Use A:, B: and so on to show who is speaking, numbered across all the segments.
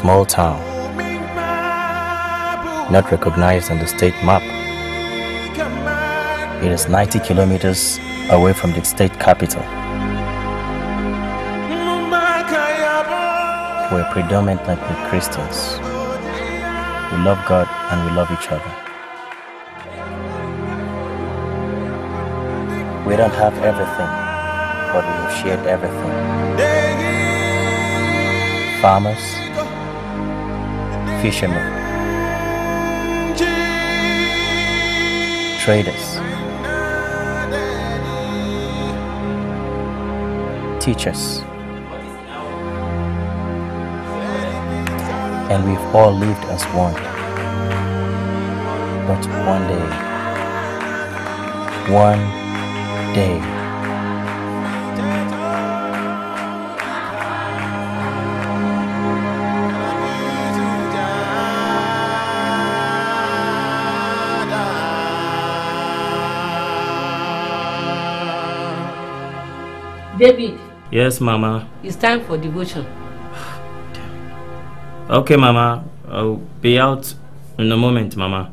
A: small town, not recognized on the state map. It is 90 kilometers away from the state capital, We're predominantly Christians. We love God and we love each other. We don't have everything, but we have shared everything. Farmers, fishermen, traders, teachers, and we've all lived as one. But one day, one day, David. Yes, Mama.
B: It's time for devotion.
A: okay, Mama. I'll be out in a moment, Mama.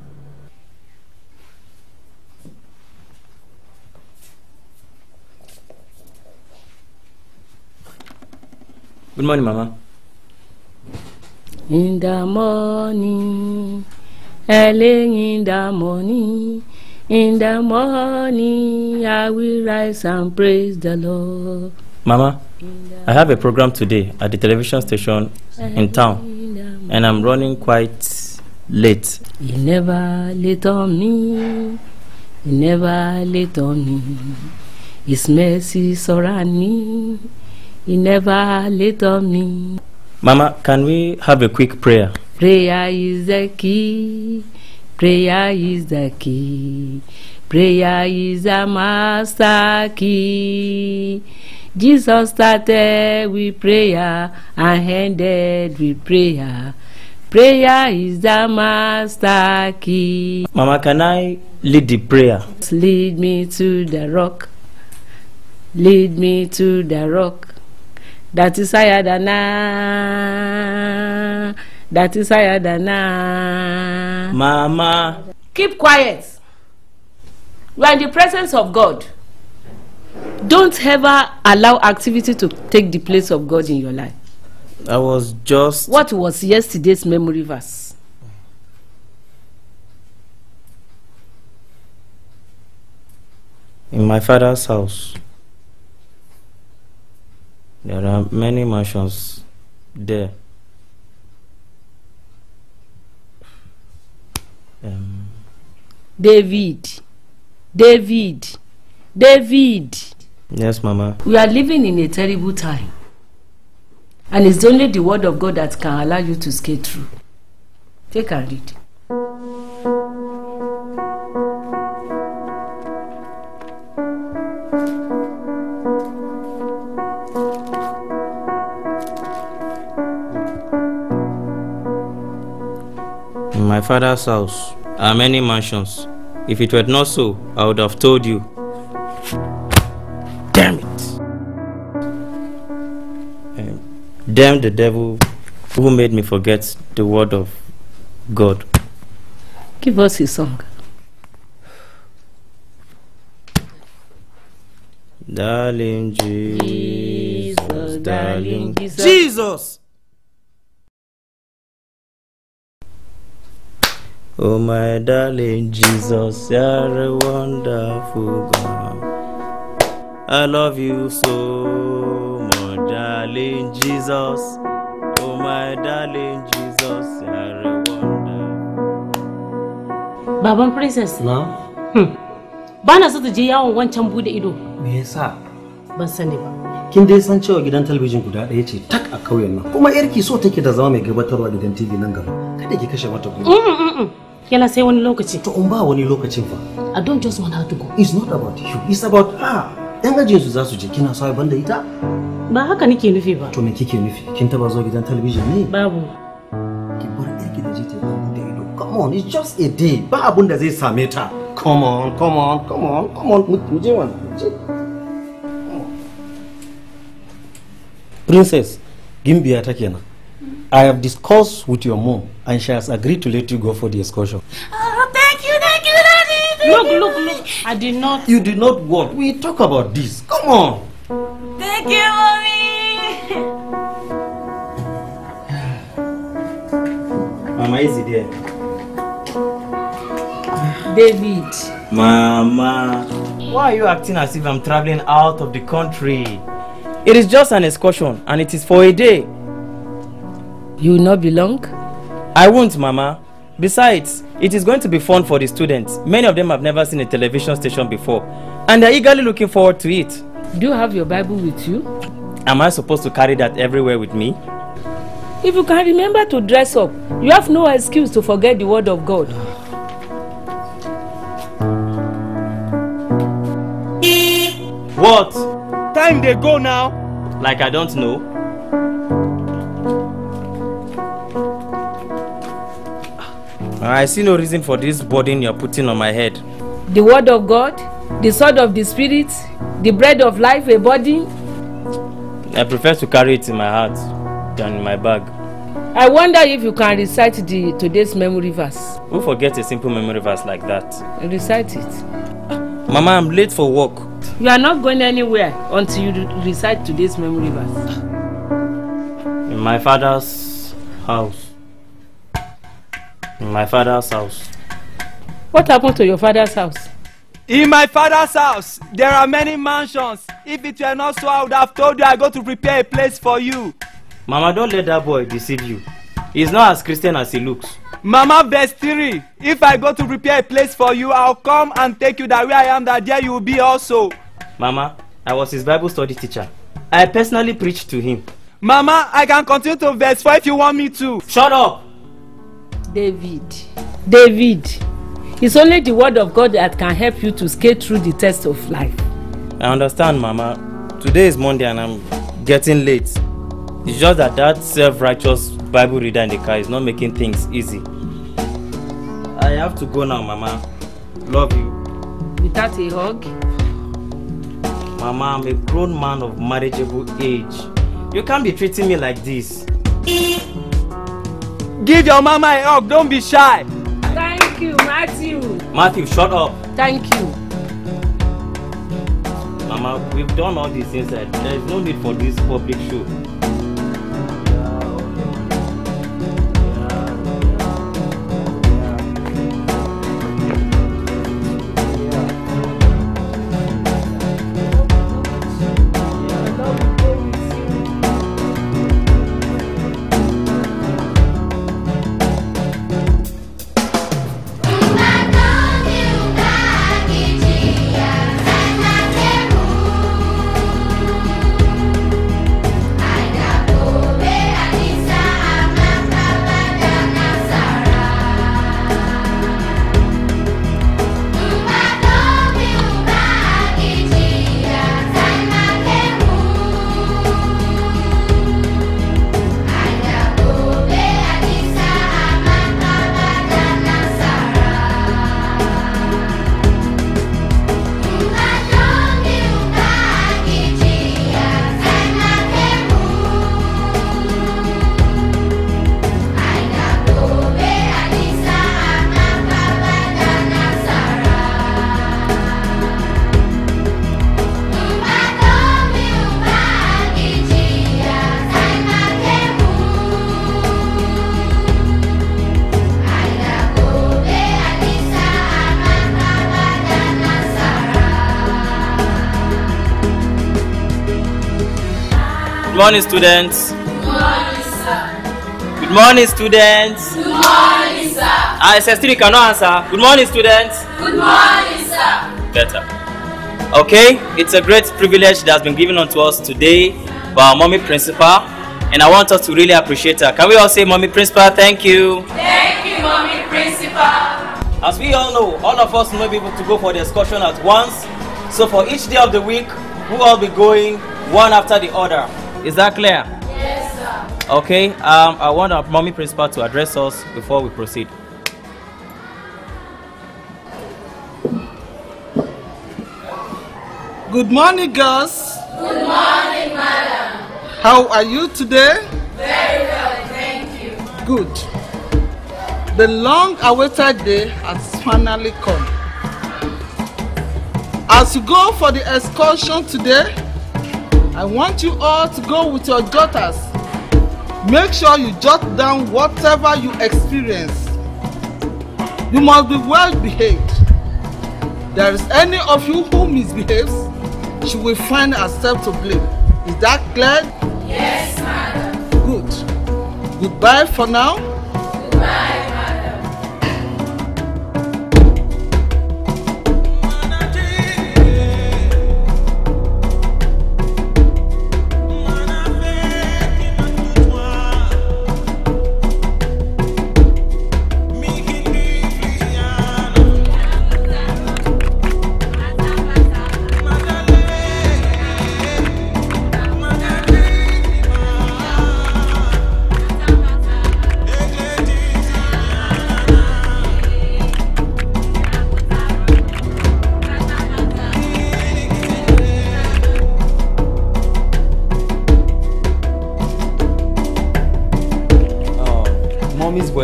A: Good morning, Mama.
B: In the morning, early in the morning. In the morning I will rise and praise the Lord.
A: Mama, I have a program today at the television station in town, and I'm running quite late. You
B: never let on me. You never let on me. His mercy surround me. He never let on me.
A: Mama, can we have a quick prayer?
B: Prayer is the key. Prayer is the key. Prayer is the master key. Jesus started with prayer and ended with prayer. Prayer is the master key.
A: Mama, can I lead the prayer?
B: Lead me to the rock. Lead me to the rock that is higher than I. that is higher than I.
A: Mama.
B: Keep quiet. We are in the presence of God. Don't ever allow activity to take the place of God in your life.
A: I was just.
B: What was yesterday's memory verse?
A: In my father's house, there are many mansions there. Um,
B: David. David. David.
A: Yes, Mama.
B: We are living in a terrible time. And it's only the word of God that can allow you to skate through. Take and read.
A: my father's house, are many mansions. If it were not so, I would have told you. Damn it! Um, damn the devil who made me forget the word of God.
B: Give us his song.
A: Darling Jesus, darling Jesus. Jesus! Oh, my darling Jesus, you're a wonderful God. I love you so much, darling Jesus. Oh, my darling Jesus, you're a
B: wonderful Baban Princess. Na? Hmm. Ba na so ta je yawon wancan bude ido. Me yasa? Ban sani ba.
C: Kin dai san cewa gidan talabijin guda ɗaya ce tak a kauyen nan. Kuma yarki so take da zama mai gabatarwa gidan TV nan gaba. Kada ki kashe mata gudu. Yana sai wani lokaci. To in ba wani lokacin fa. I don't just want her to go. It's not about you. It's about her. Yan ajiyarsu za su je kina sa banda ita?
B: Ba haka nake nufi ba.
C: To me kike nufi? Kin taba zuwa gidan talabijin ne? Babu. Ki bar ɗaki da je ta yi da ido. Come on, it's just a day. Ba abun da zai same ta. Come on, come on, come on, come on. Mu je wani. Princess, gimbiya ta kenan. I have discussed with your mom and she has agreed to let you go for the excursion.
D: Oh, thank you, thank you, daddy.
E: Look,
C: look, look. I did not. You did not what? We talk about this. Come on.
A: Thank you, mommy. Mama, is it there? David. Mama. Why are you acting as if I'm traveling out of the country? It is just an excursion and it is for a day. You will not be long? I won't, Mama. Besides, it is going to be fun for the students. Many of them have never seen a television station before, and they're eagerly looking forward to it. Do you have your Bible with you? Am I supposed to carry that everywhere with me?
B: If you can remember to dress up, you have no excuse to forget the Word of God.
F: What? Time dey go now.
A: Like I don't know. I see no reason for this burden you're putting on my head.
B: The word of God, the sword of the spirit, the bread of life, a body.
A: I prefer to carry it in my heart than in my bag.
B: I wonder if you can recite the today's memory verse. Who
A: forgets a simple memory verse like that? Recite it. Mama, I'm late for work.
B: You are not going anywhere until you recite today's memory verse.
A: In my father's house my father's house.
F: What
B: happened to your father's house?
A: In
F: my father's house, there are many mansions. If it were not so, I would
A: have told you I go to prepare a place for you. Mama, don't let that boy deceive you. He's not as Christian as he looks. Mama, verse 3. If I go to prepare a place for you, I'll come and take you that way I am, that there you will be also. Mama, I was his Bible study teacher. I personally preached to him. Mama, I can continue to verse 4 if you want me to. Shut
B: up! David. David. It's only the word of God that can help you to skate through the test of life.
A: I understand, Mama. Today is Monday and I'm getting late. It's just that that self-righteous Bible reader in the car is not making things easy. I have to go now, Mama. Love you. Without a hug? Mama, I'm a grown man of marriageable age. You can't be treating me like this.
G: Give your mama a hug. Don't be shy.
B: Thank you, Matthew.
A: Matthew, shut up. Thank you. Mama, we've done all these things. There is no need for this public show. Good morning, students. Good
D: morning,
A: sir. Good morning, students.
D: Good morning, sir.
A: I said SS3 cannot answer. Good morning, students.
D: Good morning, sir.
A: Better. Okay, it's a great privilege that has been given unto us today by our mommy principal, and I want us to really appreciate her. Can we all say, Mommy Principal, thank you? Thank you, Mommy Principal. As we all know, all of us may be able to go for the excursion at once. So for each day of the week, we will all be going one after the other. Is that clear? Yes, sir. Okay, um, I want our mommy principal to address us before we proceed.
F: Good morning, girls.
G: Good morning, madam.
F: How are you today?
G: Very well, thank you.
F: Good. The long-awaited day has finally come. As you go for the excursion today, I want you all to go with your daughters. Make sure you jot down whatever you experience. You must be well behaved. There is any of you who misbehaves, she will find herself to blame. Is that clear? Yes, madam. Good. Goodbye for now. Goodbye.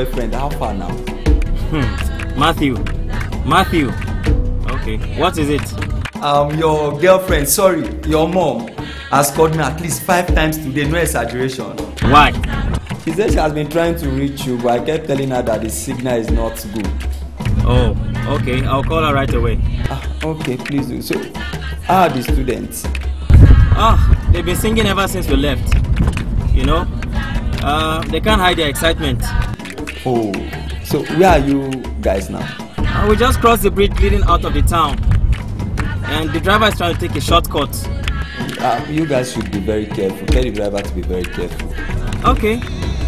A: boyfriend. How far now?
D: Hmm.
A: Matthew. Matthew.
F: Okay. What is it? Um, your girlfriend, sorry, your mom has called me at least five times today, no exaggeration. Why? She said she has been trying to reach you,
A: but I kept telling her that the signal is not good. Oh, okay. I'll call her right away.
F: Ah, okay, please do. So, how are the students?
A: Ah, they've been singing ever since we left. You know, uh, they can't hide their excitement.
H: Oh, so where are you guys now?
A: Uh, we just crossed the bridge leading out of the town, and the driver is trying to take a shortcut.
F: Uh, you guys should be very careful. Tell the driver to be very careful.
A: Okay.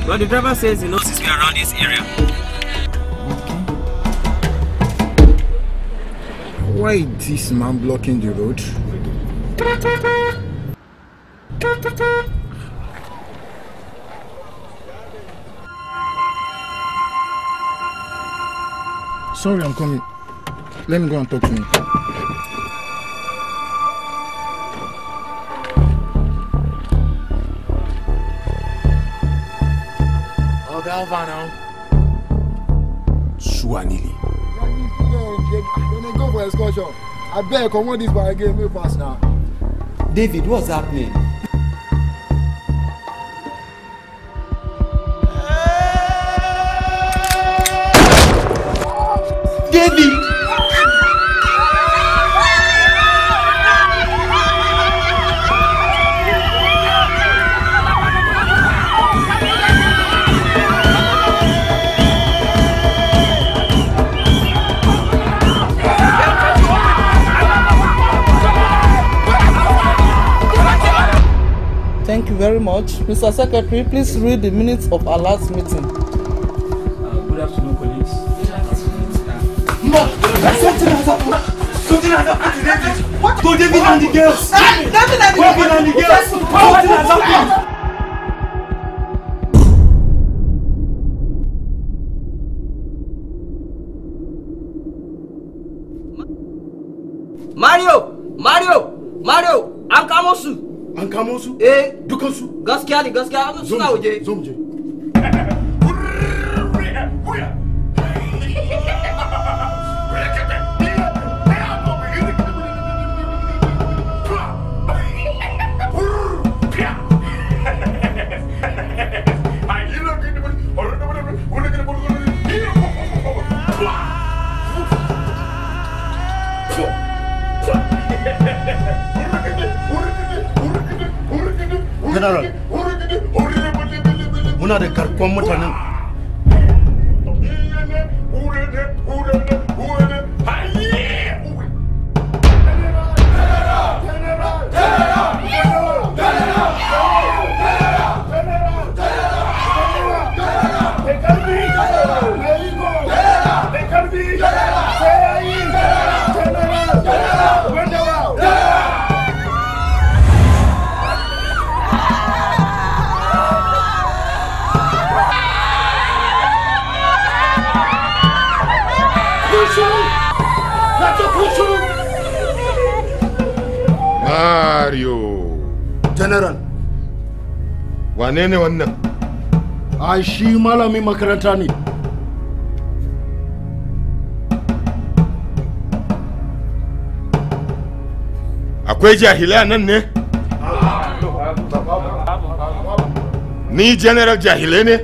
A: Well, the driver says he knows his way around
I: this area. Okay. Why is this man blocking the road? Sorry, I'm coming. Let me go and talk to him.
J: Oh, Alvano.
H: Suwanili. When they go for
I: excursion, I beg, come on this bar again, make pass now.
H: David, what's happening?
F: Thank you very much. Mr. Secretary, please read the minutes of our last meeting. Something has happened.
G: Something has happened to David. What? To David and the girls. David and the girls. David and the girls. Something has happened.
I: Mario! Mario! Mario! An kamo su! An kamo su?
C: Eh! Dukan su! Gaskiya ne gaskiya suna waje. Zo mu je.
I: general muna da garkuwan mutanen
K: Mario. General. Wane ne wannan?
I: A shi malami makaranta ne.
K: Akwai jahilai nan ne? Ni general jahilai ne?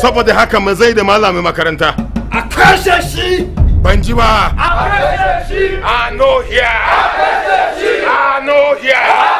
K: Saboda haka mazai da malami makaranta. A kashe shi! Ban ji ba! know here. I know here.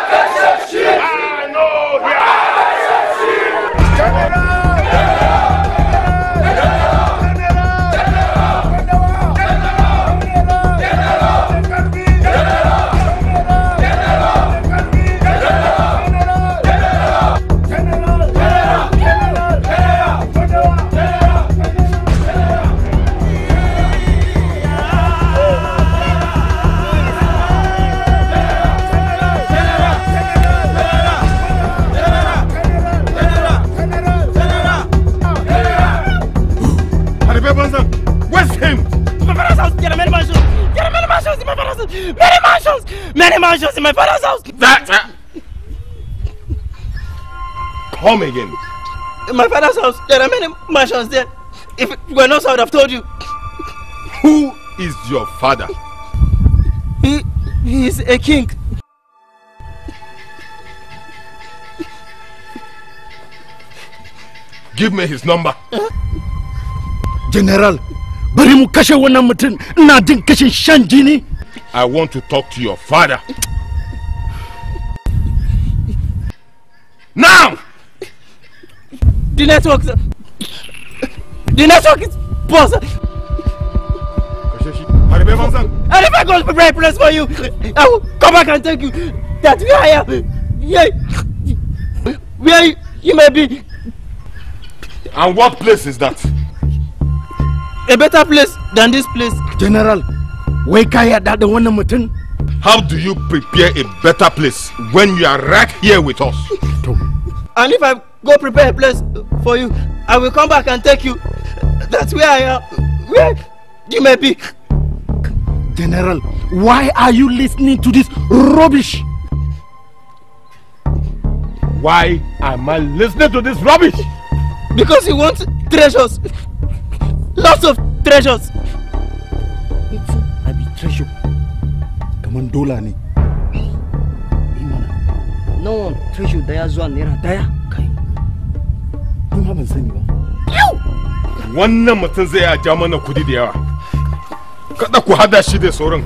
A: Many mansions! Many mansions in my father's house! That! Uh, come again. In my father's house, there are many mansions there. If it were not I would have told you. Who is your father?
F: He, he is a king.
I: Give me his number. Uh-huh. General, bari mu kashe wannan kashin I want to talk to your father. Now!
F: The network, sir. The network is boss. And if I go to right place for you, I will come back and tell you that where I am, yeah, where
I: you may be. And what place is that? A better place than this place, General. wai ka yarda da wannan mutum how do you prepare a better place when you are right here with us and
A: if i go prepare a place for you i will come back and take you that's where i am
I: where you may be general why are you listening to this rubbish why am
F: i listening to this rubbish because you want treasures lots of treasures san
I: shi kamar dola ne
C: nawa tashi daya zuwa naira daya kai
K: ma ban sani ba wannan mutum zai a ja mana kudi da yawa kada ku hada shi da sauran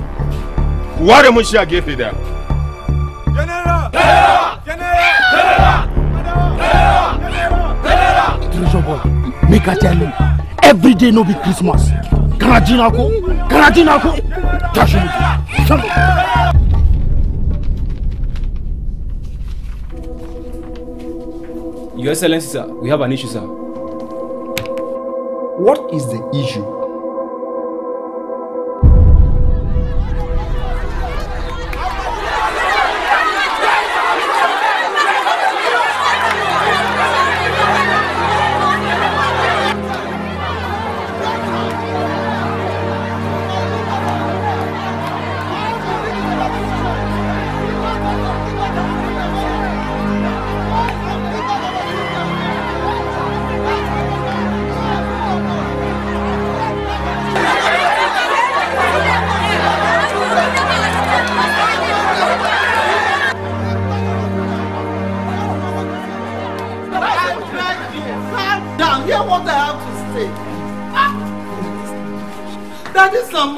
K: ware mun shi a
I: gefe daya Treasure boy, make I every day no be Christmas. kana na ko kana na ko tashi
F: Your Excellency, sir, we have an issue, sir.
H: What is the issue?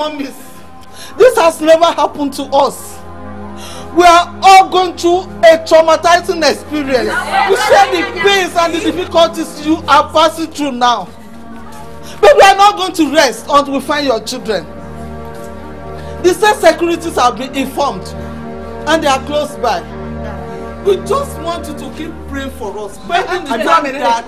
F: promise. This has never happened to us. We are all going through a traumatizing experience. We share the pains and the difficulties you are passing through now. But we are not going to rest until we find your children. The state securities have been informed and they are close by. We just want you to keep praying for us.
G: Begging the that.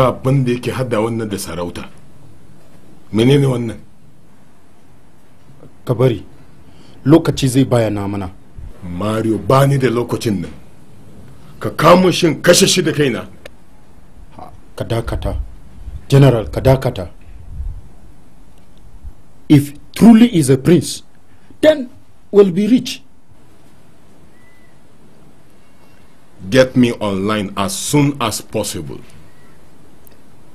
K: ba abin da yake hada wannan da sarauta menene wannan ka bari lokaci zai bayana mana mario ba ni da lokacin nan ka kamo shin kashe shi da kaina
I: ka dakata general ka dakata if truly is a prince then will be rich
K: get me online as soon as possible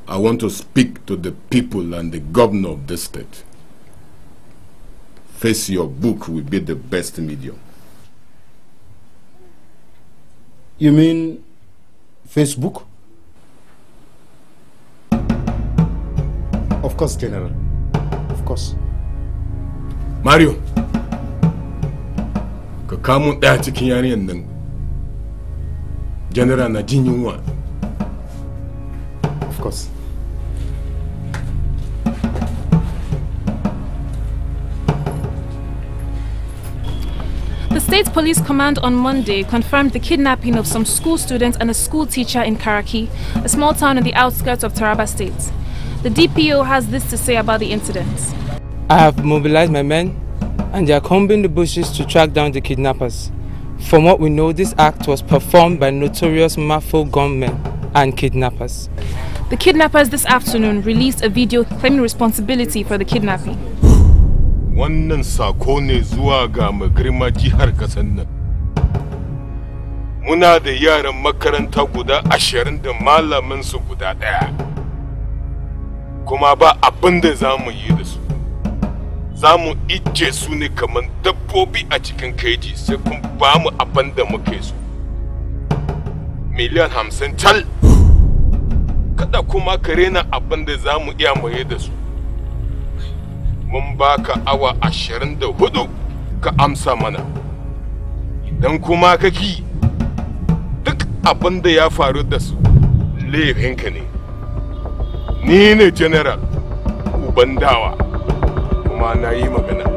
K: I want to speak to the people and the governor of the state. Face your book will be the best medium.
I: You mean Facebook? Of course, General. Of course.
K: Mario, ka kamun ɗaya cikin nan. General na jin yunwa. Of course.
B: State Police Command on Monday confirmed the kidnapping of some school students and a school teacher in Karaki, a small town on the outskirts of Taraba State. The DPO has this to say about the incident.
F: I have mobilized my men and they are combing the bushes to track down the kidnappers. From what we know, this act was performed by notorious Mafo gunmen and kidnappers.
B: The kidnappers this afternoon released a video claiming responsibility for the kidnapping.
K: wannan sako ne zuwa ga magirma jihar kasan nan muna da yaran makaranta guda ashirin da malamin su guda ɗaya kuma ba abin da za mu yi da su za mu ije su ne kamar dabbobi a cikin keji sai kun ba mu abin da muke so miliyan hamsin tal kada kuma ka rena abin da za mu iya maye da su mun baka awa ashirin da hudu ka amsa mana idan kuma kaki duk abin da ya faru da su laifinka ne ni ne general ubandawa kuma na yi magana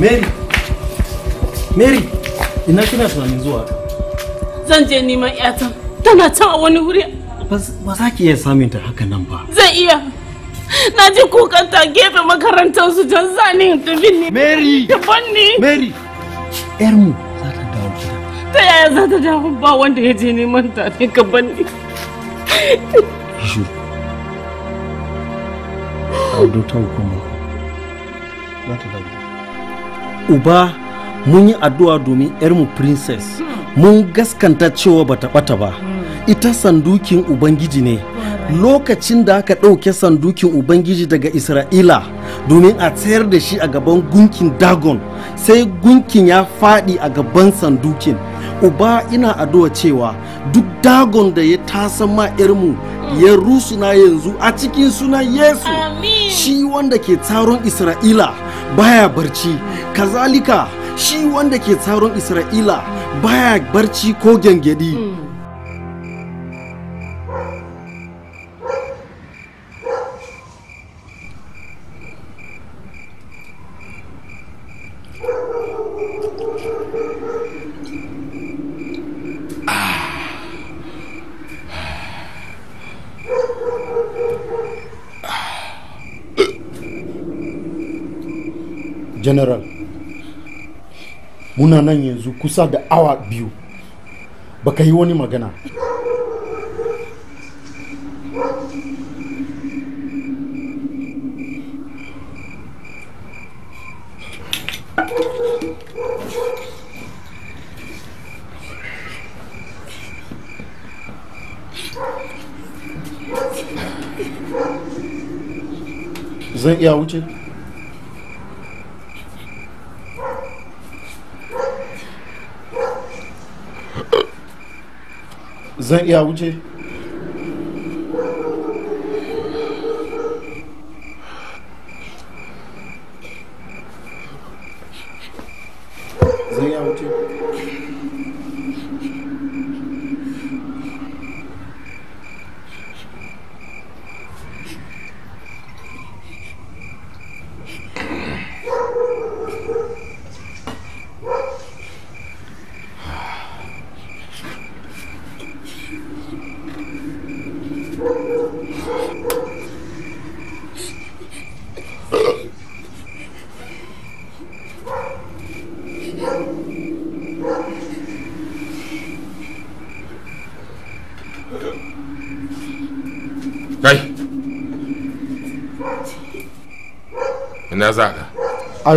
C: Mary. Mary, ina kina tunanin zuwa?
E: Zan je neman ƴata.
B: Tana can a wani wuri.
C: Ba za ki iya samun ta haka nan
B: ba. Zan iya. Na ji kukan ta gefe makarantar su dan zane in ne. Mary! Daban ne. Mary!
I: ‘Yarmu za ta dawo
B: gida. Ta yaya za ta dawo ba wanda ya je neman ta ne gaban ne.
C: Audu ta Za ta dawo. uba mun yi addu'a domin yarmu princess hmm. mun gaskanta cewa bata bata ba hmm. ita sandukin ubangiji ne hmm. lokacin da aka ɗauke sandukin ubangiji daga isra'ila domin a tsayar da shi a gaban gunkin dagon sai gunkin ya faɗi a gaban sandukin uba ina addu'a cewa duk dagon da ya tasan ma yar ya rusuna yanzu a cikin sunan yesu shi wanda ke taron isra'ila baya barci kazalika shi wanda ke tsaron isra'ila baya barci ko gyangyadi hmm.
I: muna nan yanzu kusa da awa biyu baka yi wani magana zan iya wuce Zangiaudi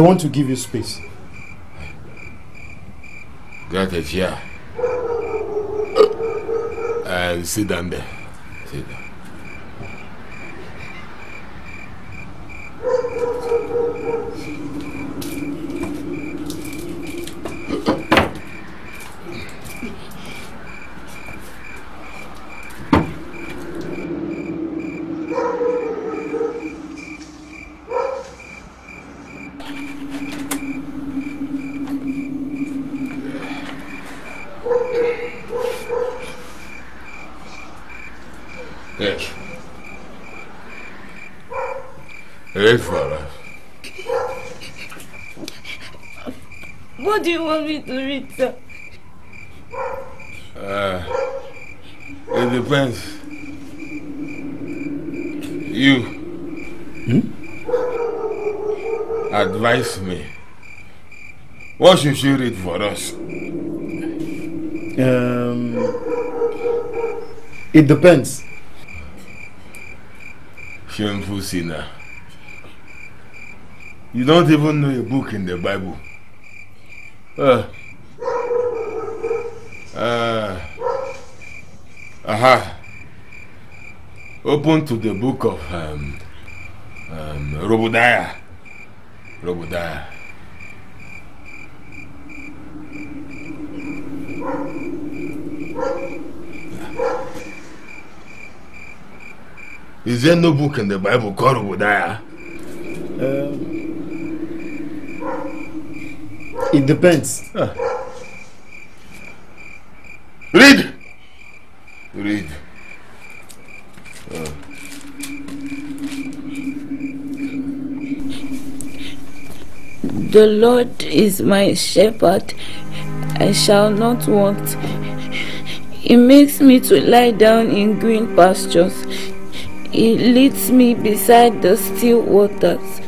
K: want to give you space. Grab it chair and sit down there. Sit down.
B: What do you want me to read, sir?
K: Uh, it depends. You hmm? advise me. What should you read for us? Um, it depends. Shameful sinner. You don't even know a book in the Bible. Uh, uh, aha. Open to the book of um, um, Robodiah. Robodiah. Is there no book in the Bible called
I: Obadiah? Um, it depends. Uh. Read!
K: Read.
E: The Lord is my shepherd, I shall not want. He makes me to lie down in green pastures. He leads me beside the still waters.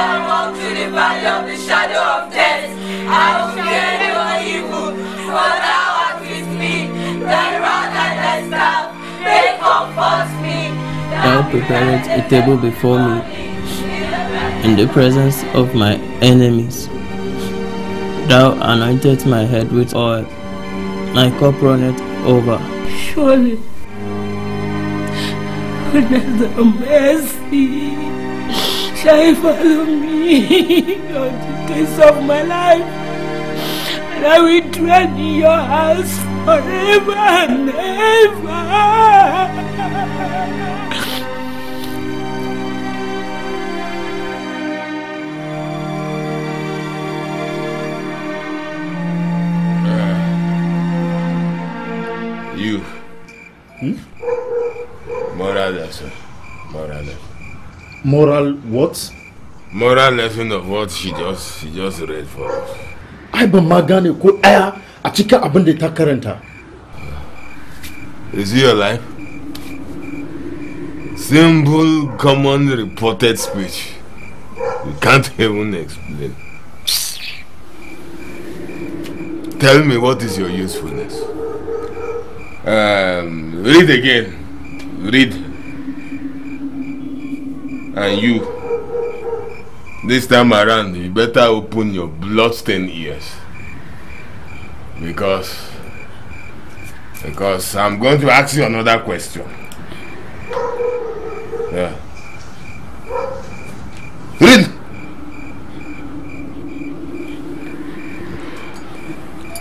G: I
D: walk through the valley of the shadow of death. I will fear no evil, for thou art with me. Thy rod and thy staff,
A: they comfort
D: me. Thou preparest a table before me in the
A: presence of my enemies. Thou anointest my head with oil, my cup runneth over.
F: Surely, goodness and mercy shall follow
G: me on the days of my life. And I will dwell in your house forever and ever.
K: You. Hmm? Mora da sir.
I: Moral what?
K: Moral lesson of what she just she just read for us.
I: I be magani ko aya a cikin abin da ta karanta.
K: Is it your life? Simple, common, reported speech. You can't even explain. Tell me what is your usefulness? Um, read again. Read. and you this time around you better open your bloodstained ears because because i'm going to ask you another question yeah read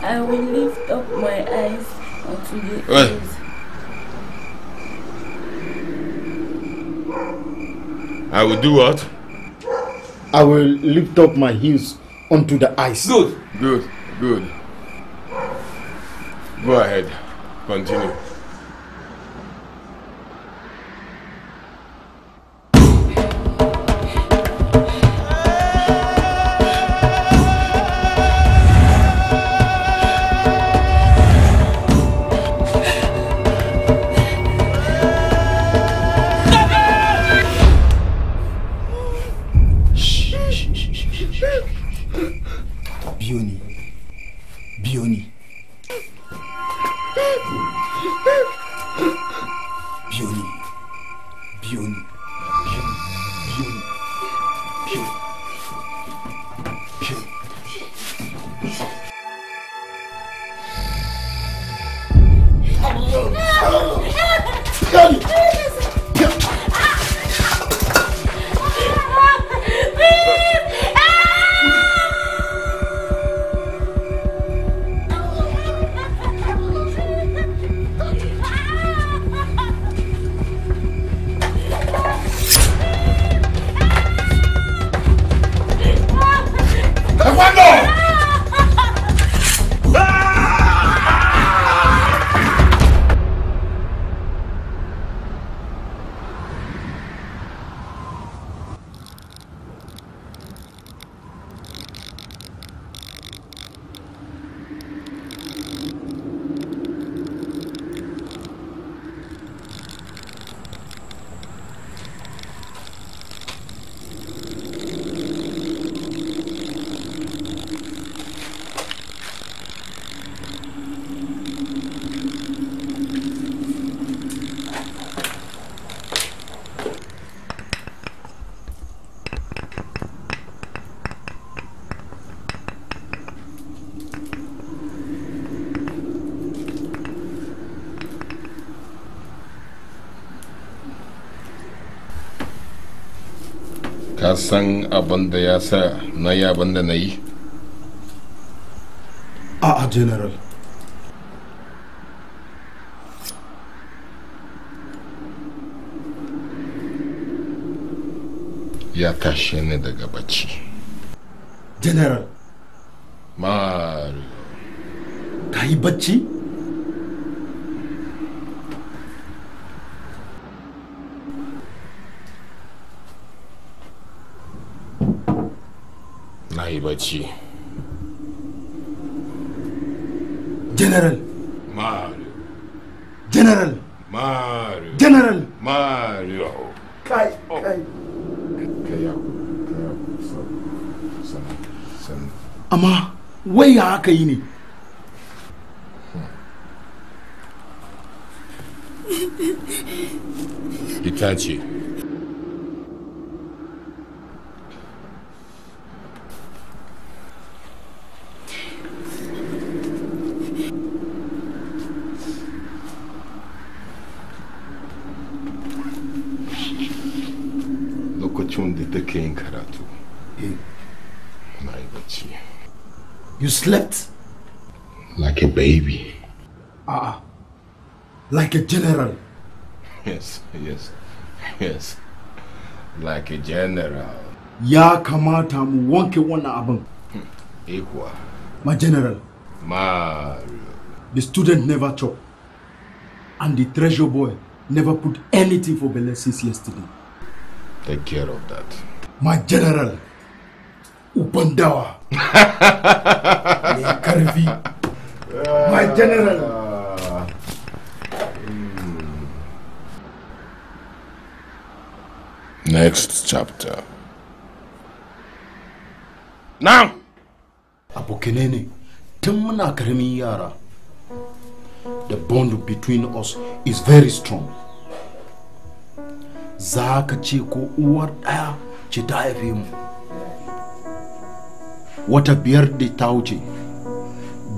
B: i
E: will lift up my eyes unto the well,
I: I will do what? I will lift up my heels onto the ice. Good. Good. Good. Go ahead. Continue.
K: san abin da ya sa na yi abin da na yi
I: a a general
K: ya tashe ni daga bacci
I: general mario ka yi bacci
K: yi bacci general mario general mario general mario
I: kai oh. kai Kai amma wai ya haka yi ne
K: lokacin da take yin karatu
I: na yi bacci you slept like a baby ah like a general yes
K: yes yes like a general
I: ya kamata mu wanke wannan abin hmm, ikuwa my general mario the student never chop and the treasure boy never put anything for Bele since yesterday take care of that. My general, Upandawa. My general. Hmm.
K: Next chapter.
I: Now! Abokene ne, tun yara. The bond between us is very strong. za ka ce ko uwar ɗaya ce ta haife mu wata biyar da ta wuce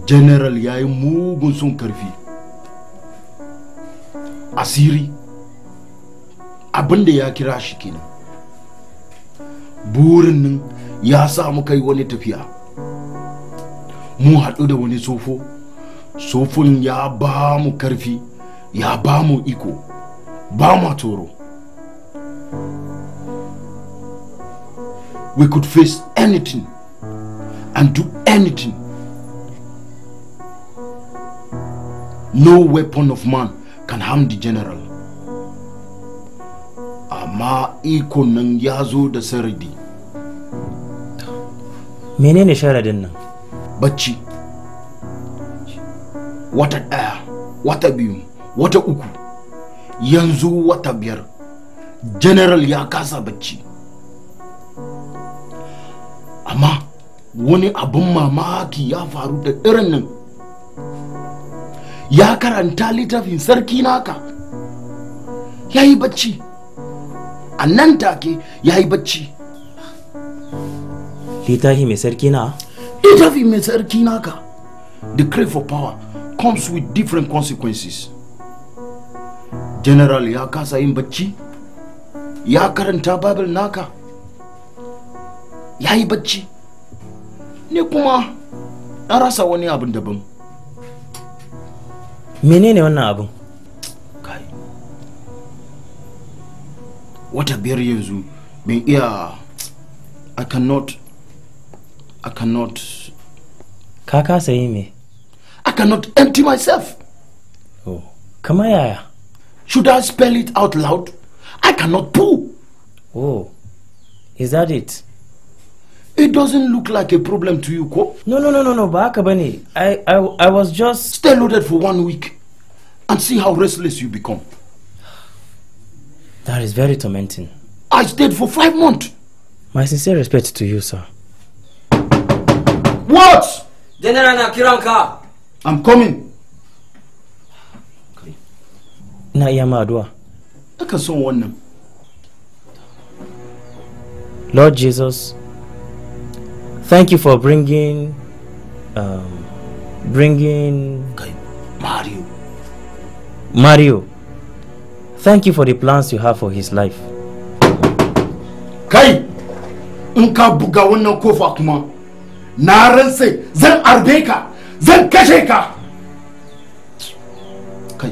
I: general ya yi mugun sun karfi asiri abinda ya kira shi kenan burin nan ya sa muka yi wani tafiya mu haɗu da wani tsofo sofon ya ba mu karfi ya ba mu iko ba mu toro We could face anything and do anything. No weapon of man can harm the general. Amma iko nan ya zo da sardi. Menene sharadin nan? Bacci. Wata ɗaya, wata biyu, wata uku, yanzu wata biyar. general ya kasa bacci amma wani abin mamaki ya faru da irin nan ya karanta littafin sarki naka ya yi bacci a nan take ya yi bacci littafi mai sarki na littafi mai sarki naka the cry for power comes with different consequences general ya kasa yin bacci ya karanta babul naka ya yi bacci ni kuma na rasa wani abin daban
A: menene wannan abin kai
I: wata biyar yanzu bin iya i cannot i cannot ka kasa yi me i cannot empty myself oh kama yaya should i spell it out loud I cannot pull. Oh, is that it? It doesn't look like a problem to you, Ko. No, no, no, no, no, Bakabani. I, I, I was just... Stay loaded for one week and see how restless you become.
A: That is very tormenting.
I: I stayed for five months.
A: My sincere respect to you, sir.
I: What? General Nakiranka.
C: I'm
A: coming. Okay. Na Yama Adwa.
I: Aka son wannan.
A: Lord Jesus, thank you for bringing um, bringing okay. Mario. Mario, thank you for the
I: plans you have for his life. Kai, in ka buga wannan kofa kuma, na rantse zan arbe ka, zan kashe ka. Kai,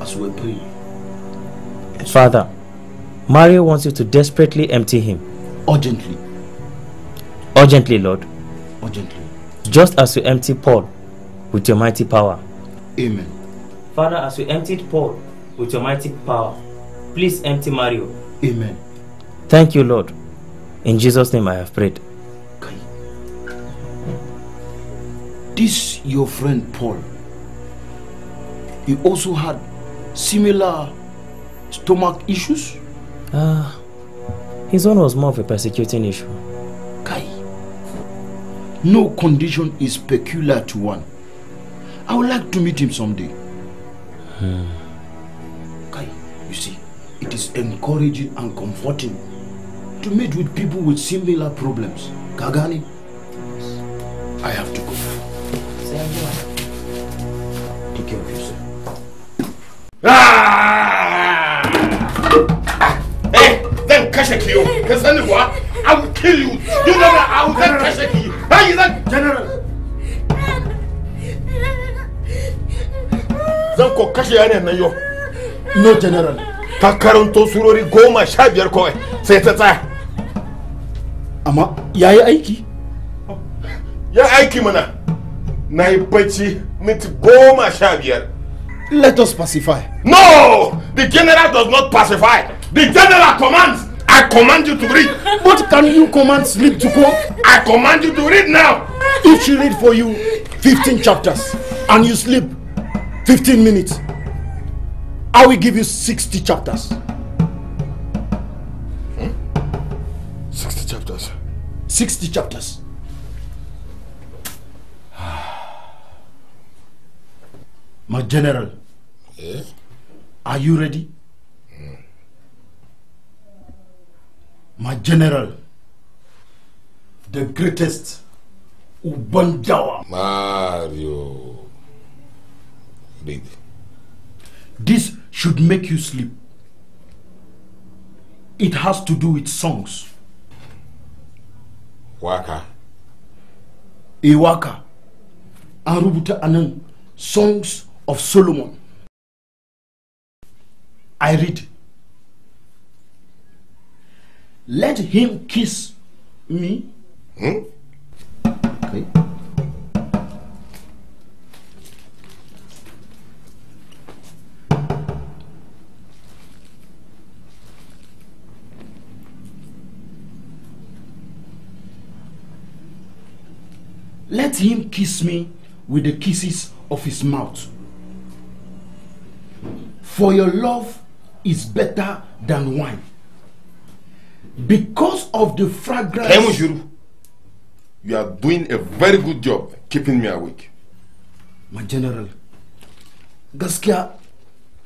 I: as we pray.
A: Father, Mario wants you to desperately empty him. Urgently. Urgently, Lord. Urgently. Just as you emptied Paul with your mighty power. Amen. Father, as you emptied Paul with your mighty power, please empty Mario. Amen. Thank you, Lord. In Jesus' name I have prayed. Okay.
I: This your friend Paul. He also had similar stomach issues? Uh, his own was more of a persecuting issue. Kai, no condition is peculiar to one. I would like to meet him someday. Hmm. Kai, you see, it is encouraging and comforting to meet with people with similar problems. Kagani, I have to go. Take care of yourself.
K: Ah! kashe ki ka sani kuwa I will kill you
I: you know that I will zan kashe ki ai zan general zan ko kashe yaren nan yau no general
K: ta karanto surori goma sha biyar kawai sai ta tsaya amma ya yi aiki ya aiki mana na yi bacci minti goma sha biyar let us pacify no the general does not pacify the general commands I command you to read. What can you command sleep to go? I command you to read now. If she read for you 15 chapters
I: and you sleep 15 minutes, I will give you 60 chapters. Hmm? 60 chapters? 60 chapters. My general, eh? are you ready? my general, the greatest Ubanjawa. Mario, read. This should make you sleep. It has to do with songs. Waka. Iwaka. An rubuta anan songs of Solomon. I read. Let him kiss me. Hmm? Okay. Let him kiss me with the kisses of his mouth. For your love is better than wine. because of the fragrance. Kẹ́hìn
K: Juru, you are doing a very good job keeping me awake.
I: My general, gaskiya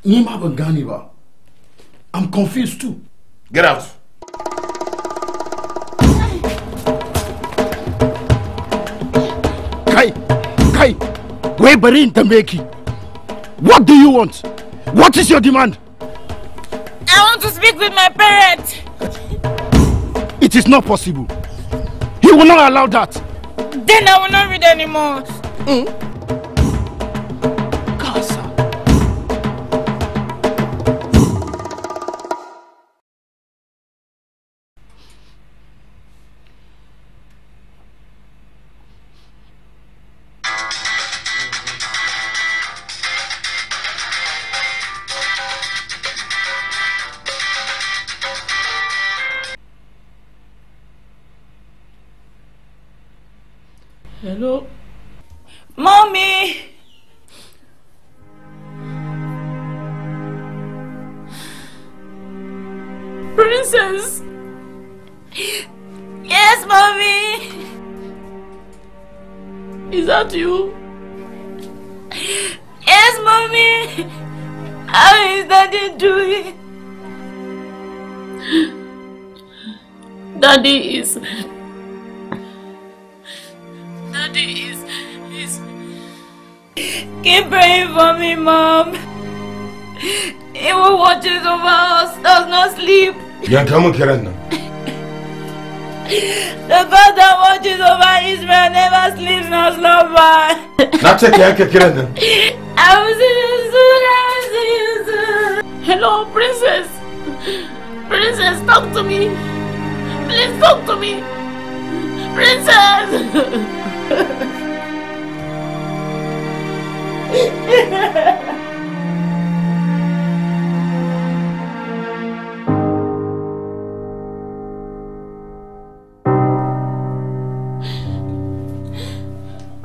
I: ni ma ban gane ba. I'm confused too. Get out. Kai, Kai, wai bari in tambaye ki. What do you want? What is your demand?
E: I want to speak with my parents.
I: It is not possible. He will not allow that.
E: Then I will not read anymore.
F: Mm.
K: você quer que é,
I: querendo? É
B: Hello, princess. Princess, talk to me. Please talk to me.
D: Princess.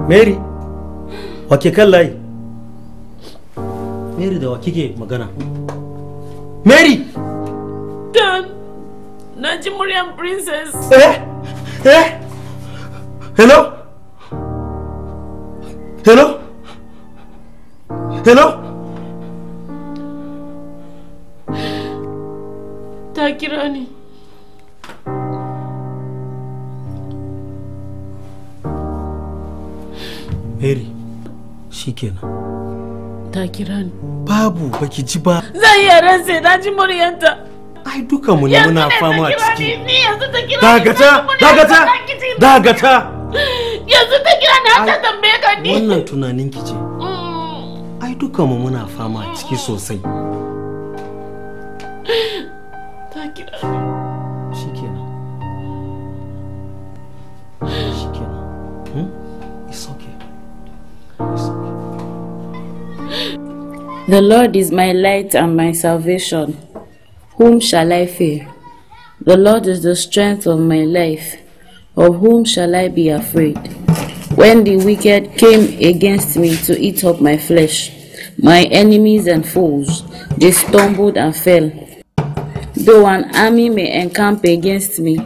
C: Mary. wake kan layi mary da wa kike magana mary
B: dan na ji muryan princess eh
C: eh hello hello hello ta kira ni shikenan ta kira ni babu baki ji ba
E: zan ran sai na ji
D: muryanta ai duka
E: mu ne muna fama a ciki
C: dagata dagata dagata
D: yanzu ta kira ni har ta tambaye ka ni wannan
C: tunanin ki ce
D: mm.
C: ai duka mu muna fama a ciki sosai
D: ta kira ni
E: The Lord is my light and my salvation. Whom shall I fear? The Lord is the strength of my life. Of whom shall I be afraid? When the wicked came against me to eat up my flesh, my enemies and foes, they stumbled and fell. Though an army may encamp against me,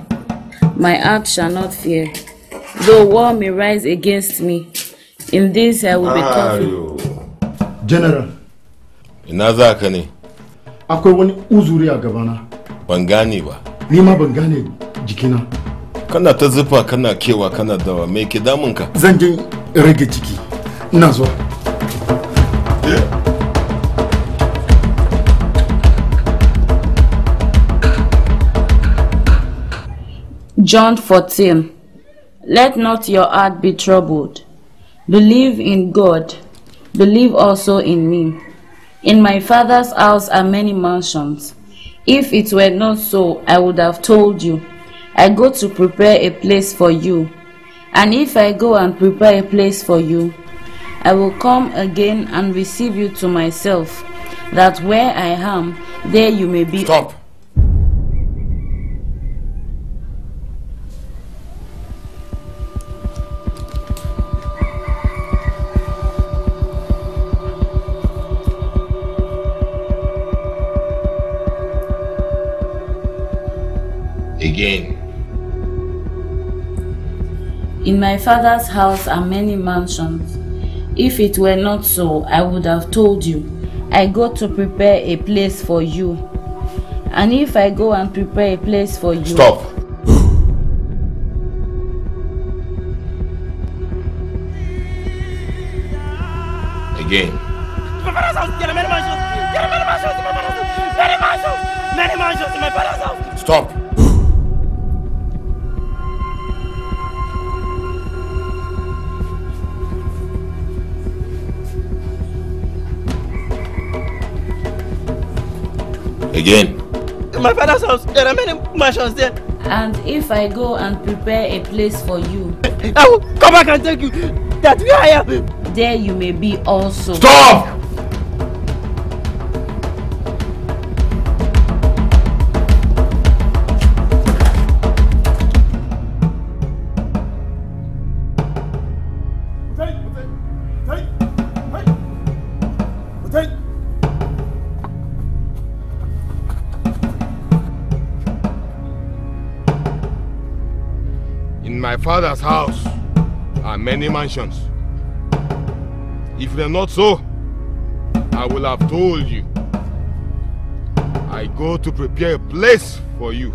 E: my heart shall not fear. Though war may rise against me, in this I will be ah,
K: confident. General. ina za ka ne
I: akwai wani uzuri a gabana
K: ban gane ba
I: ni ma ban gane jikina kana ta
K: zufa kana kewa kana dawa me ke damunka
I: zan je rage ciki ina zo
E: John 14 Let not your heart be troubled. Believe in God, believe also in me. In my father's house are many mansions. If it were not so, I would have told you. I go to prepare a place for you. And if I go and prepare a place for you, I will come again and receive you to myself, that where I am, there you may be. Stop. again. In my father's house are many mansions. If it were not so, I would have told you, I go to prepare a place for you. And if I go and prepare a place for you... Stop!
K: again.
G: My father's house, there are many mansions. There are many mansions in my father's house. Many mansions, many mansions in my father's house.
I: Stop.
K: Again?
A: my father's
E: house, there are many mansions there. And if I go and prepare a place for you,
A: I will come back and take you that where I am.
E: There you may be
D: also. Stop!
K: house and many mansions. If they're not so, I will have told you. I go to prepare a place for you.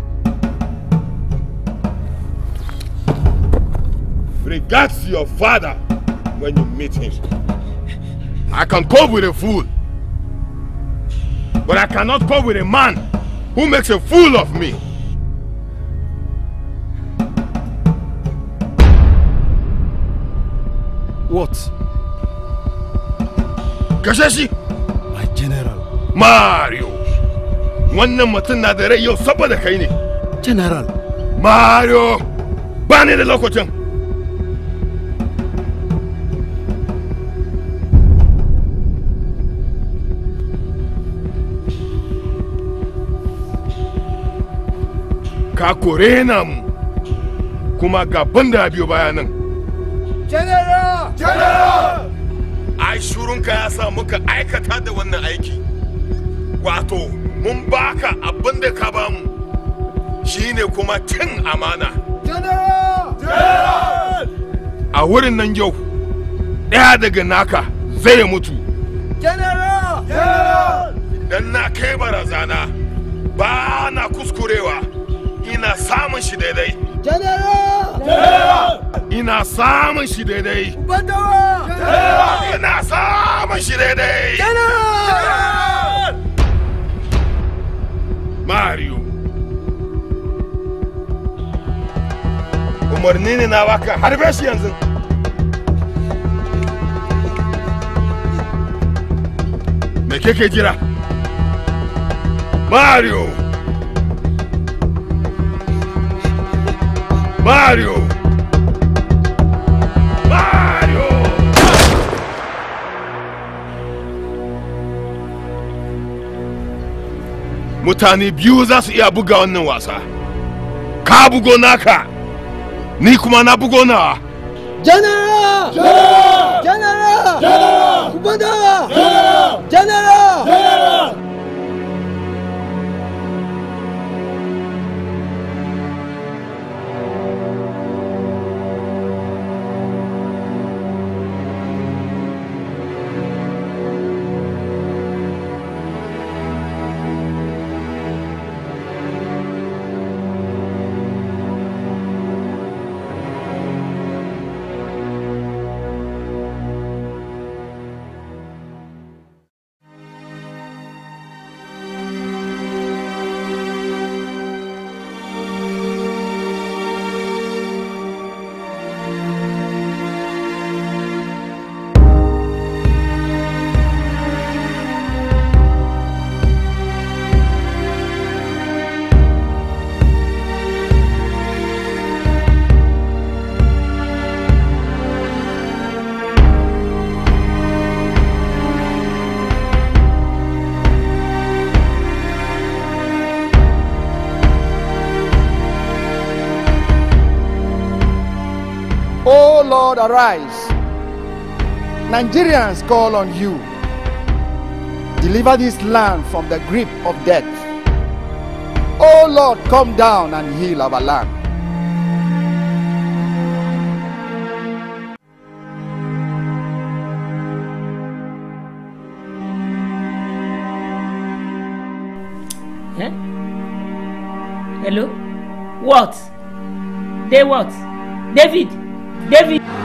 K: Regards your father when you meet him. I can cope with a fool, but I cannot cope with a man who makes a fool of me. What? Kashe shi! My general. Mario! Wannan mutum na da rai yau saboda kai ne. General. Mario! Ba ni da lokacin. Ka kore na mu, kuma ga da biyo baya nan. ai ka ya sa muka aikata da wannan aiki wato mun baka abin da ka bamu shine kuma cin amana a wurin nan yau ɗaya daga naka zai mutu dan na kai barazana ba na kuskurewa ina samun shi daidai general ina samun shi daidai
G: ina samun
K: shi daidai mario umarni ne na baka harbe shi yanzu me keke jira mario mario mutane biyu za su iya buga wannan wasa ka bugo naka ni kuma na bugo nawa
G: janara janara janara janara janara
H: Lord, arise. Nigerians call on you. Deliver this land from the grip of death. Oh Lord, come down and heal our land.
B: Eh? Hello? What? They what? David? David.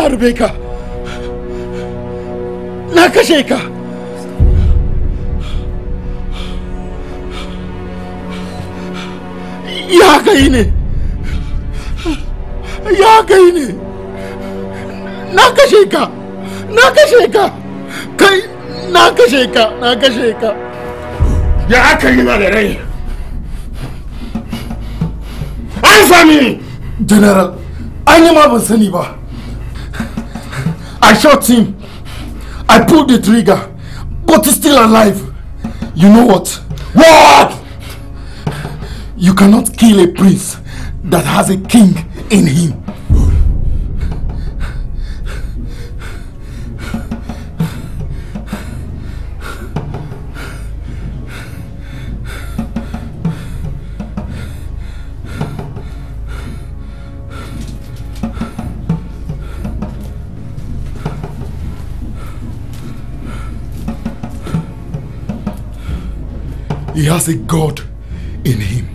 I: na harbe ka na kashe ka ya kai ne ya kai ne na kashe ka na kashe ka kai na kashe ka na kashe ka ya aka yi na da rai an sami general an yi ma ban sani ba I shot him. I pulled the trigger, but he's still alive. You know what? What? You cannot kill a prince that has a king in him. as a God in him.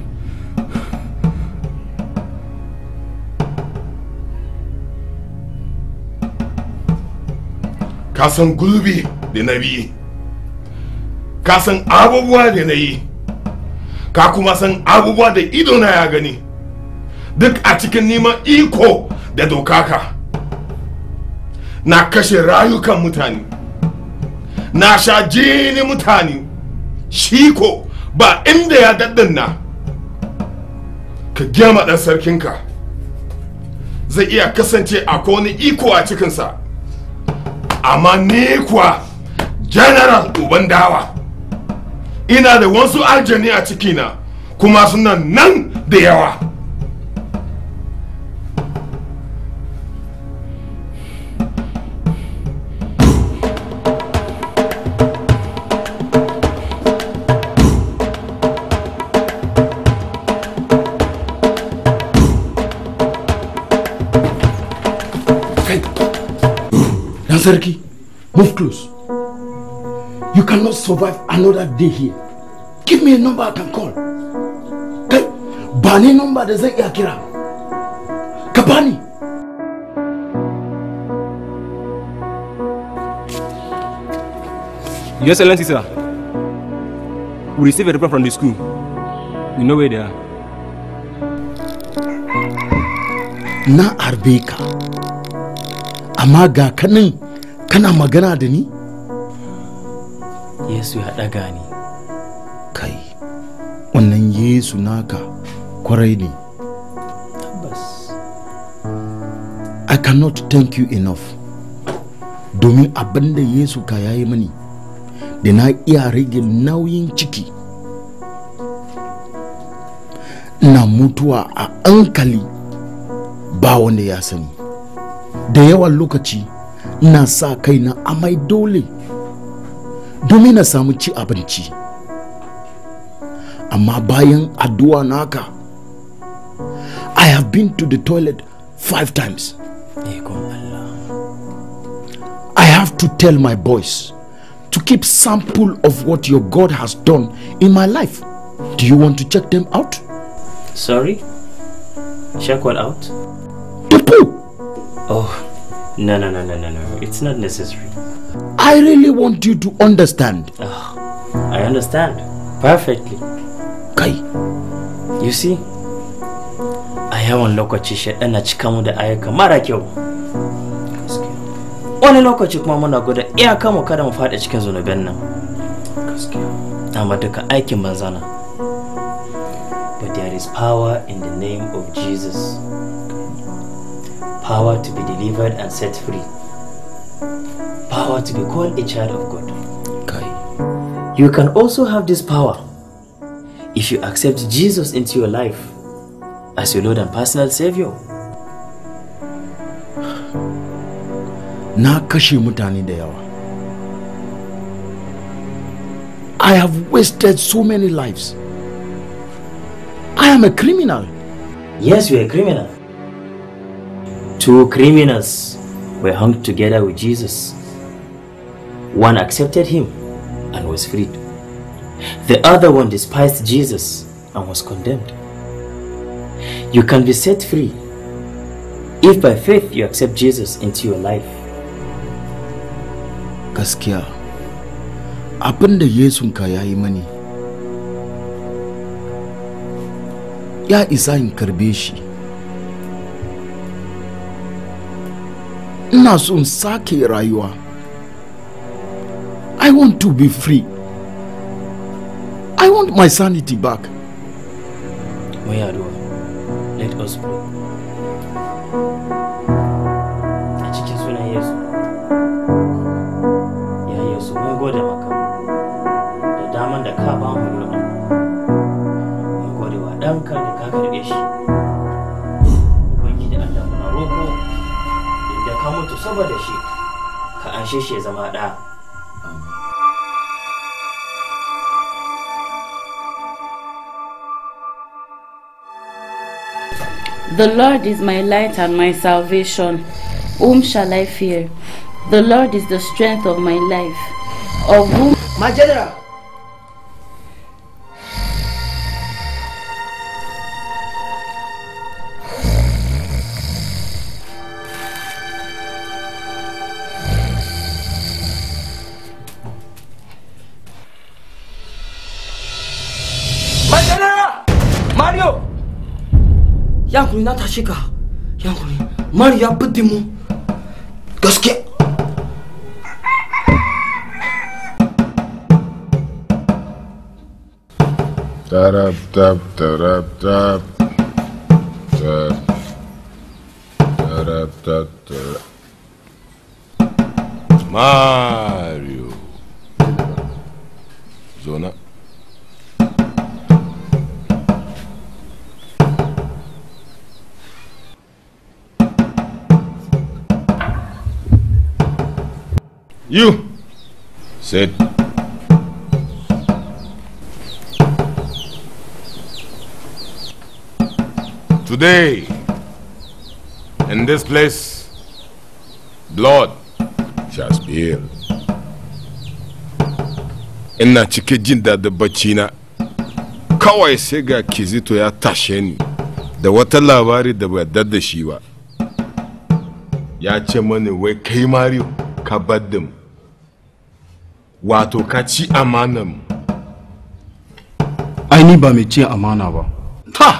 K: Kasan gulbi da nabi kasan abubuwa da na yi, ka kuma san abubuwa da ido na ya gani, duk a cikin neman iko da dokaka. Na kashe rayukan mutane, na sha jini mutane, shiko ba inda ya na ka gyama dan sarkinka zai iya kasance akwai wani iko a cikinsa amma ni kuwa general uban dawa ina da wasu aljani a cikina kuma suna nan da yawa
I: Sarki, move close. You cannot survive another day here. Give me a number I can call. Kai, ba number da zan iya kira.
A: Your Excellency, sir. We
K: received a report from the school. You know where they are.
I: Na arbeka, amaga amma kanin kana magana da ni
A: yesu ya ɗaga ni
I: kai wannan yesu naka kwarai ne tabbas i cannot thank you enough domin abin da yesu ka yayi mani da na iya rage nauyin ciki na mutuwa a hankali ba wanda ya sani da yawan lokaci na sa kaina amai dole domin na samu ci abinci amma bayan addu'a naka i have been to the toilet five times i have to tell my boys to keep sample of what your god has done in my life do you want to check them out
A: sorry check what out the poo oh No, no, no, no, no, no. It's not necessary.
I: I really want you to understand.
A: Oh, I understand perfectly. Kai. You see, a yawan lokaci shaɗan na cika mu da ayyuka mara kyau. Wani lokaci kuma muna gwada iyaka mu kada mu faɗa cikin zunuben nan. Amma duka aikin banzana. But there is power in the name of Jesus. power to be delivered and set free, power to be called a child of God. Okay. You can also have this power if you accept Jesus into your life as your Lord and personal Savior.
I: Na kashe mutane da I have wasted so many lives. I am a criminal. Yes, you are a criminal.
A: Two criminals were hung together with Jesus. One accepted him and was freed. The other one despised Jesus and was condemned. You can be set free
I: if by faith you accept Jesus into your life. Gaskiya, Apan da Yesunka ya imani? ya isa in karbe ina son sake rayuwa i want to be free i want my sanity back let us pray a cikin yesu
A: ya yesu ma tashe shi zama The
D: Lord
E: is my light and my salvation. Whom shall I fear? The Lord is the strength of my life. Of whom? My general,
C: hankuri na tashi ka yankuri mari ya biddi mu gaske
K: tarab tab tarab tab tab tarab tab tarab mario zona You, sit. Today, in this place, blood shall spill. Ina cike jin daɗin baccina, kawai sai ga kizito ya tashe ni da wata labari da ba da shi ba. Ya ce mani wai kai Mario, ka wato ka ci amanan mu
I: ai ni ba mai ci amana
K: ba ta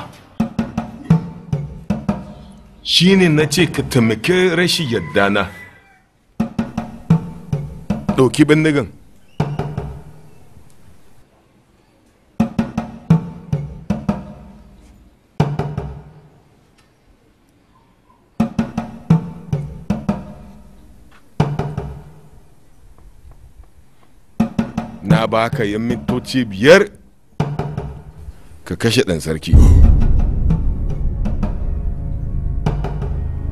K: shine na ce ka tamake rashin yadda na ɗauki bindigan baka yan mintoci biyar ka kashe ɗan sarki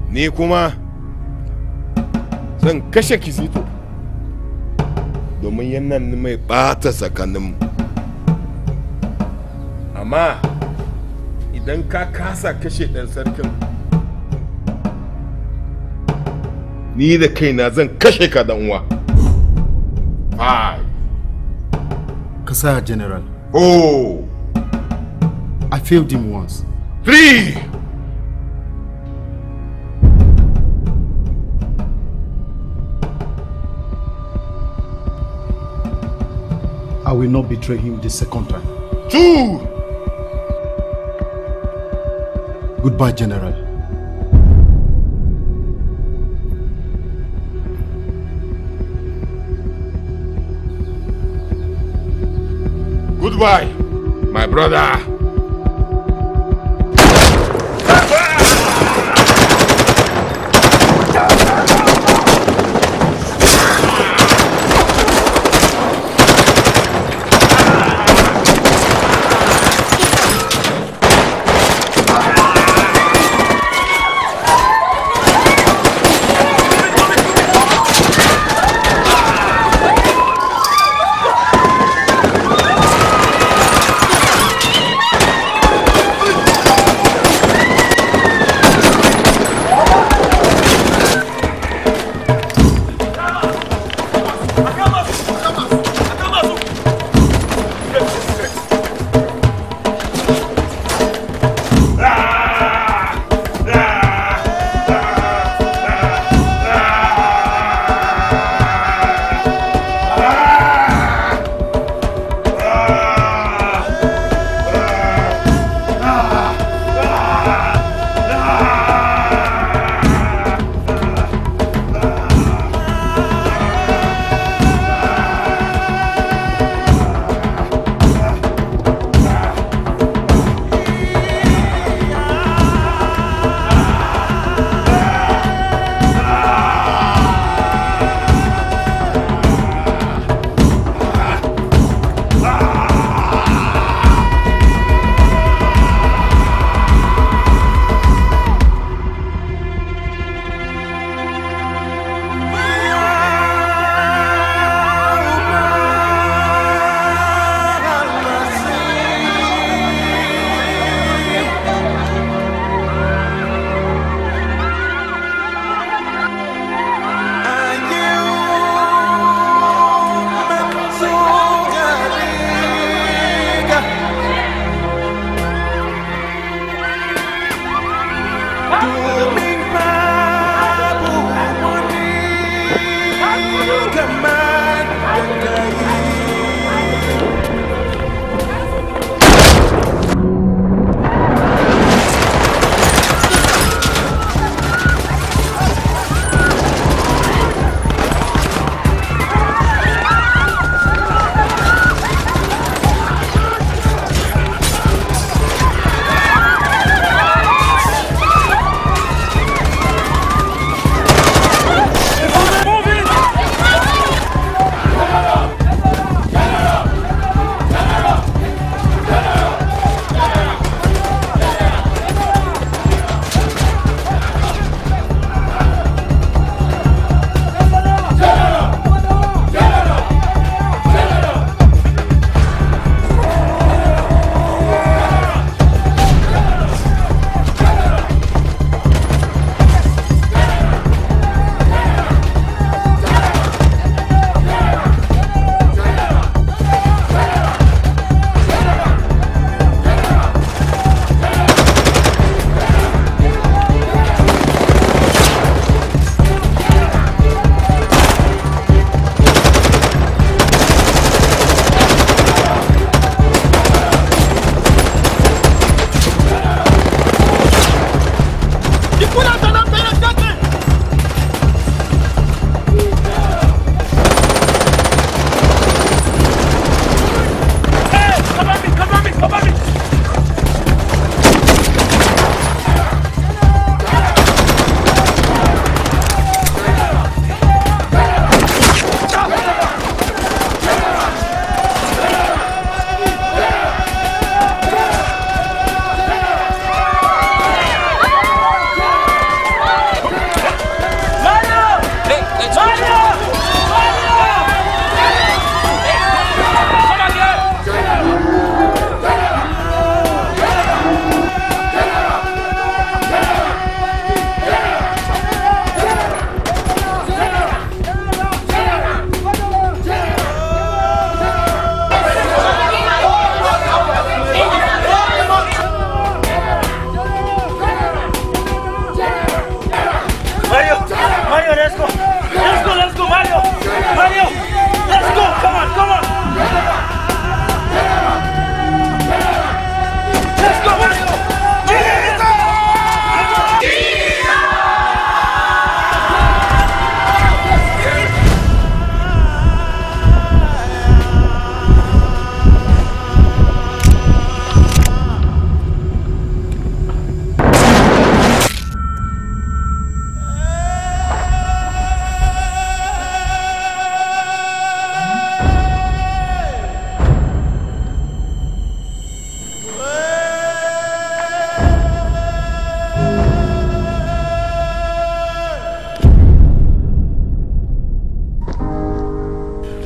K: ni kuma zan kashe kisito domin yana mai ɓata tsakaninmu amma idan ka kasa kashe ɗan sarkin ni da kaina zan kashe ka uwa.
I: Kasaya General. Oh! I failed him once. Three! I will not betray him the second time. Two! Goodbye, General.
K: Uruguai. My brother.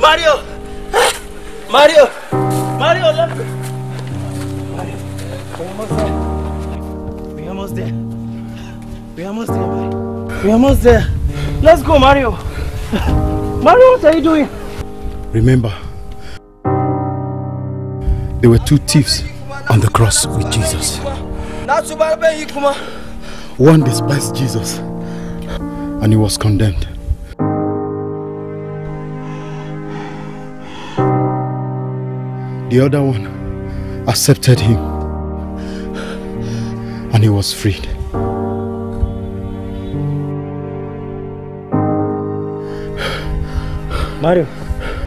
A: Mario! Mario! Mario, look! Mario, we're almost there. We almost
I: there. We almost there.
A: Let's go, Mario. Mario, what
F: are you doing?
I: Remember, there were two thieves on the cross with Jesus. One despised Jesus, and he was condemned. The other one accepted him and he was freed.
A: Mario.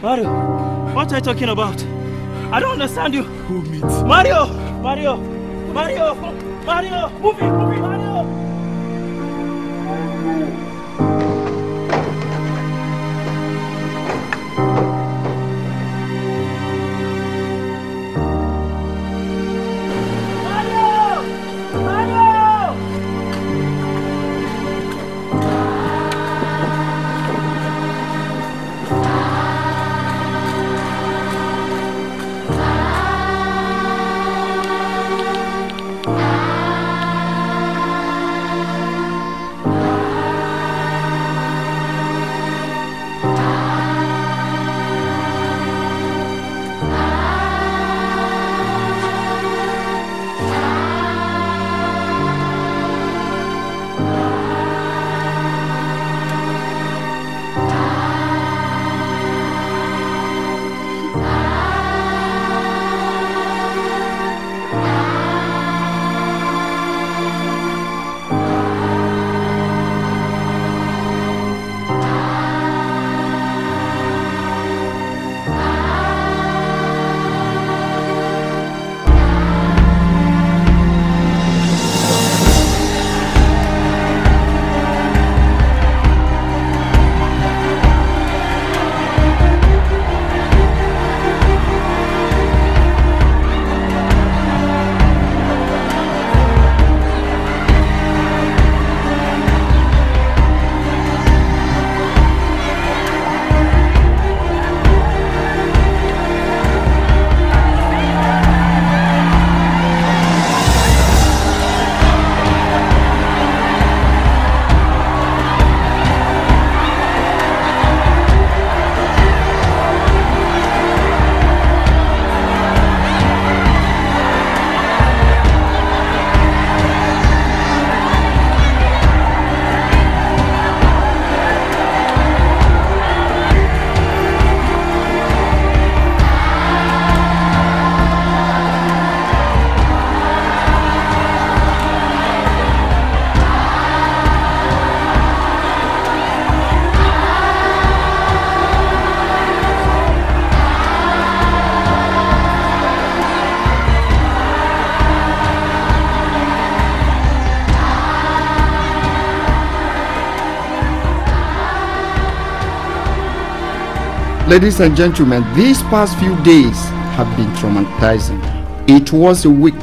A: Mario, what are you talking about? I don't understand you. Who meets?
G: Mario! Mario! Mario! Mario! Move it! Move it, Mario!
H: Ladies and gentlemen, these past few days have been traumatizing. It was a week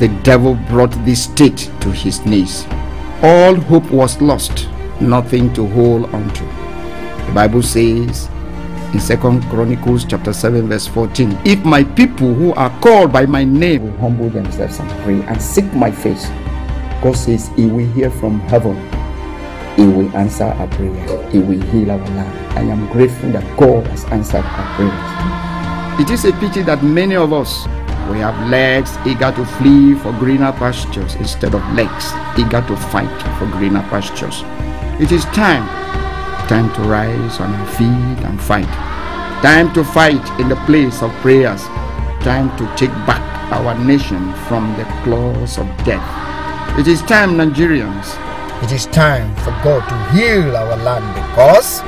H: the devil brought this state to his knees. All hope was lost, nothing to hold on to. The Bible says in Second Chronicles chapter 7 verse 14, if my people who are called by my name will humble themselves and pray and seek my face, God says he will hear from heaven. He will answer our prayer. He will heal our land. I am grateful that God has answered our prayers. It is a pity that many of us we have legs eager to flee for greener pastures instead of legs eager to fight for greener pastures. It is time, time to rise on our feet and fight. Time to fight in the place of prayers. Time to take back our nation from the claws of death. It is time, Nigerians. It is time for God to heal our land because